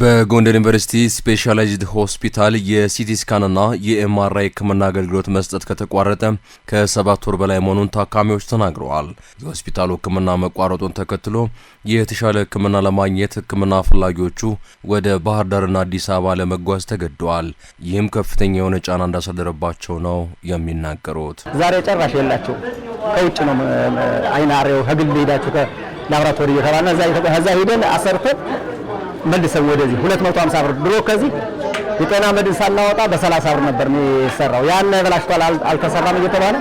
በጎንደር ዩኒቨርሲቲ ስፔሻላይዝድ ሆስፒታል የሲቲ ስካንና የኤምአርአይ ሕክምና አገልግሎት መስጠት ከተቋረጠ ከሰባት ወር በላይ መሆኑን ታካሚዎች ተናግረዋል። የሆስፒታሉ ሕክምና መቋረጡን ተከትሎ የተሻለ ሕክምና ለማግኘት ሕክምና ፈላጊዎቹ ወደ ባህር ዳርና አዲስ አበባ ለመጓዝ ተገደዋል። ይህም ከፍተኛ የሆነ ጫና እንዳሳደረባቸው ነው የሚናገሩት። ዛሬ ጨራሽ የላቸው ከውጭ ነው አይናሬው ከግል ሄዳችሁ ከላብራቶሪ እየተባልና እዛ ሄደን አሰርተን መልሰው ወደዚህ 250 ብር ድሮ ከዚህ የጤና መድን ሳናወጣ በሰላሳ ብር ነበር የሚሰራው። ያን በላሽቷል አልተሰራም እየተባለ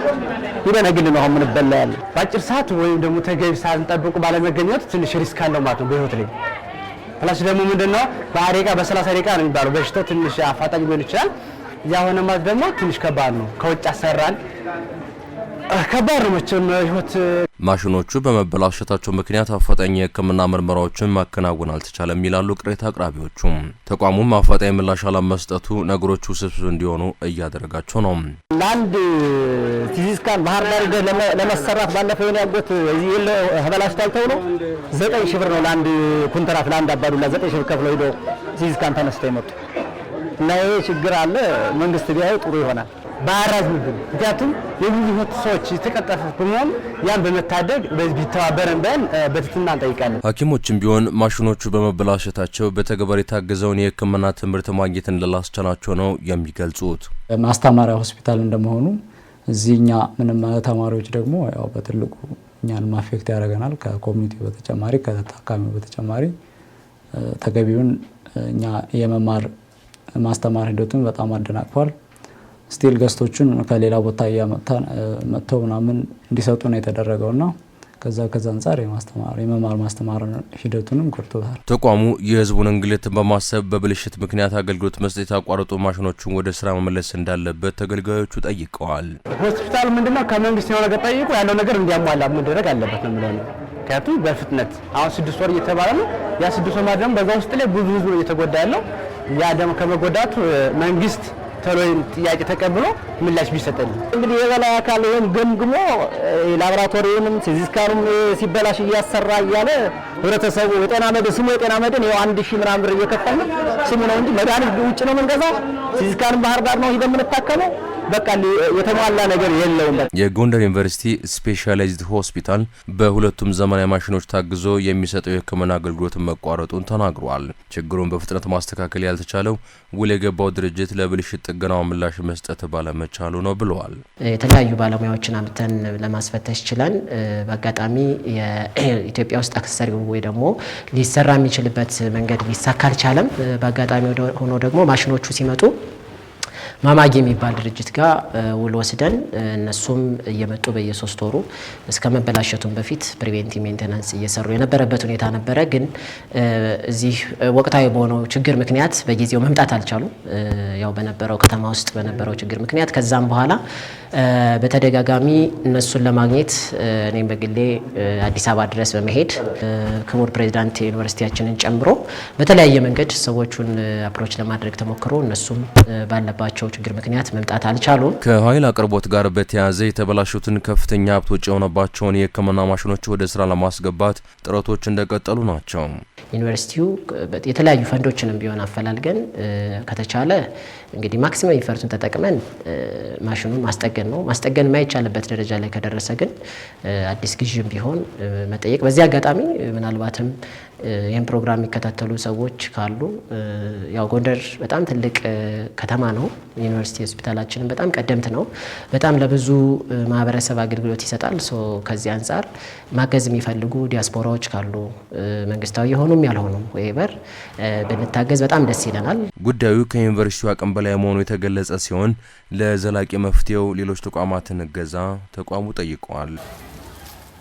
ይበነግል ነው ምን ምንበላ ያለ በአጭር ሰዓት ወይም ደግሞ ተገቢ ሳንጠብቁ ባለመገኘቱ ትንሽ ሪስክ አለው ማለት ነው በህይወት ላይ ፕላስ ደግሞ ምንድነው በአሬቃ በሰላሳ ደቂቃ ነው የሚባለው በሽታው ትንሽ አፋጣኝ ሊሆን ይችላል። ያ ሆነ ማለት ደግሞ ትንሽ ከባድ ነው። ከውጭ አሰራን ከባድ ነው መቼም ህይወት። ማሽኖቹ በመበላሸታቸው ምክንያት አፋጣኝ የህክምና ምርመራዎችን ማከናወን አልተቻለም ይላሉ ቅሬታ አቅራቢዎቹም። ተቋሙም አፋጣኝ ምላሽ አለመስጠቱ ነገሮች ውስብስብ እንዲሆኑ እያደረጋቸው ነው። ለአንድ ሲዚስካን ባህር ዳር ለመሰራት ባለፈው የኔ አጎት እዚህ ተበላሽቷል ተብሎ ዘጠኝ ሺህ ብር ነው ለአንድ ኩንትራት ለአንድ አባዱላ ዘጠኝ ሺህ ብር ከፍለው ሂዶ ሲዚስካን ተነስቶ የመጡ እና ይሄ ችግር አለ። መንግስት ቢያዩ ጥሩ ይሆናል። ባያራዝምብን። ምክንያቱም የብዙ ሰዎች የተቀጠፈ በመሆን ያን በመታደግ ቢተባበረን ብለን በትትና እንጠይቃለን። ሐኪሞችም ቢሆን ማሽኖቹ በመበላሸታቸው በተግባር የታገዘውን የሕክምና ትምህርት ማግኘት እንደላስቻላቸው ነው የሚገልጹት። ማስተማሪያ ሆስፒታል እንደመሆኑ እዚህ እኛ ምንም ተማሪዎች ደግሞ ያው በትልቁ እኛን ማፌክት ያደርገናል። ከኮሚኒቲ በተጨማሪ ከታካሚው በተጨማሪ ተገቢውን እኛ የመማር ማስተማር ሂደቱን በጣም አደናቅፏል። ስቲል ገስቶችን ከሌላ ቦታ መጥተው ምናምን እንዲሰጡ ነው የተደረገው ና ከዛ ከዛ አንጻር የማስተማር የመማር ማስተማር ሂደቱንም ከርቶታል። ተቋሙ የህዝቡን እንግልት በማሰብ በብልሽት ምክንያት አገልግሎት መስጠት ያቋረጡ ማሽኖችን ወደ ስራ መመለስ እንዳለበት ተገልጋዮቹ ጠይቀዋል። ሆስፒታል ምንድነው ከመንግስት የሆነ ነገር ያለው ነገር እንዲያሟላ መደረግ አለበት ነው የሚለው ምክንያቱም በፍጥነት አሁን ስድስት ወር እየተባለ ነው። ያ ስድስት ወር ማለት ደግሞ በዛ ውስጥ ላይ ብዙ ህዝብ እየተጎዳ ያለው ያ ደግሞ ከመጎዳቱ መንግስት ወይም ጥያቄ ተቀብሎ ምላሽ ቢሰጠልን። እንግዲህ የበላይ አካል ይህን ገምግሞ ላቦራቶሪውንም ሲዚስካኑም ሲበላሽ እያሰራ እያለ ህብረተሰቡ የጤና መድን ስሙ የጤና መድን ይኸው አንድ ሺህ ምናምን ብር እየከፈልን ስሙ ነው እንጂ መድኃኒት ውጭ ነው የምንገዛው። ሲዚስካንም ባህር ዳር ነው ሂደን የምንታከመው። በቃ የተሟላ ነገር የለውም። የጎንደር ዩኒቨርሲቲ ስፔሻላይዝድ ሆስፒታል በሁለቱም ዘመናዊ ማሽኖች ታግዞ የሚሰጠው የሕክምና አገልግሎትን መቋረጡን ተናግሯል። ችግሩን በፍጥነት ማስተካከል ያልተቻለው ውል የገባው ድርጅት ለብልሽት ጥገናው ምላሽ መስጠት ባለመቻሉ ነው ብለዋል። የተለያዩ ባለሙያዎችን አምተን ለማስፈተሽ ችለን በአጋጣሚ ኢትዮጵያ ውስጥ አክሰሰሪው ወይ ደግሞ ሊሰራ የሚችልበት መንገድ ሊሳካ አልቻለም። በአጋጣሚ ሆኖ ደግሞ ማሽኖቹ ሲመጡ ማማጊ የሚባል ድርጅት ጋር ውል ወስደን እነሱም እየመጡ በየሶስት ወሩ እስከ መበላሸቱን በፊት ፕሪቬንቲቭ ሜንቴናንስ እየሰሩ የነበረበት ሁኔታ ነበረ። ግን እዚህ ወቅታዊ በሆነው ችግር ምክንያት በጊዜው መምጣት አልቻሉም። ያው በነበረው ከተማ ውስጥ በነበረው ችግር ምክንያት ከዛም በኋላ በተደጋጋሚ እነሱን ለማግኘት እኔም በግሌ አዲስ አበባ ድረስ በመሄድ ክቡር ፕሬዚዳንት ዩኒቨርሲቲያችንን ጨምሮ በተለያየ መንገድ ሰዎቹን አፕሮች ለማድረግ ተሞክሮ እነሱም ባለባቸው በነበራቸው ችግር ምክንያት መምጣት አልቻሉም። ከኃይል አቅርቦት ጋር በተያያዘ የተበላሹትን ከፍተኛ ሀብት የሆነባቸውን የሕክምና ማሽኖች ወደ ስራ ለማስገባት ጥረቶች እንደቀጠሉ ናቸው። ዩኒቨርሲቲው የተለያዩ ፈንዶችንም ቢሆን አፈላልገን ከተቻለ እንግዲህ ማክሲመም ኢፈርቱን ተጠቅመን ማሽኑን ማስጠገን ነው። ማስጠገን የማይቻልበት ደረጃ ላይ ከደረሰ ግን አዲስ ግዥም ቢሆን መጠየቅ። በዚህ አጋጣሚ ምናልባትም ይህን ፕሮግራም የሚከታተሉ ሰዎች ካሉ ያው ጎንደር በጣም ትልቅ ከተማ ነው። ዩኒቨርሲቲ ሆስፒታላችንም በጣም ቀደምት ነው። በጣም ለብዙ ማህበረሰብ አገልግሎት ይሰጣል። ከዚህ አንጻር ማገዝ የሚፈልጉ ዲያስፖራዎች ካሉ መንግስታዊ የሆኑ ቋሚም ያልሆኑም ዌበር ብንታገዝ በጣም ደስ ይለናል። ጉዳዩ ከዩኒቨርሲቲው አቅም በላይ መሆኑ የተገለጸ ሲሆን ለዘላቂ መፍትሄው ሌሎች ተቋማትን እገዛ ተቋሙ ጠይቀዋል።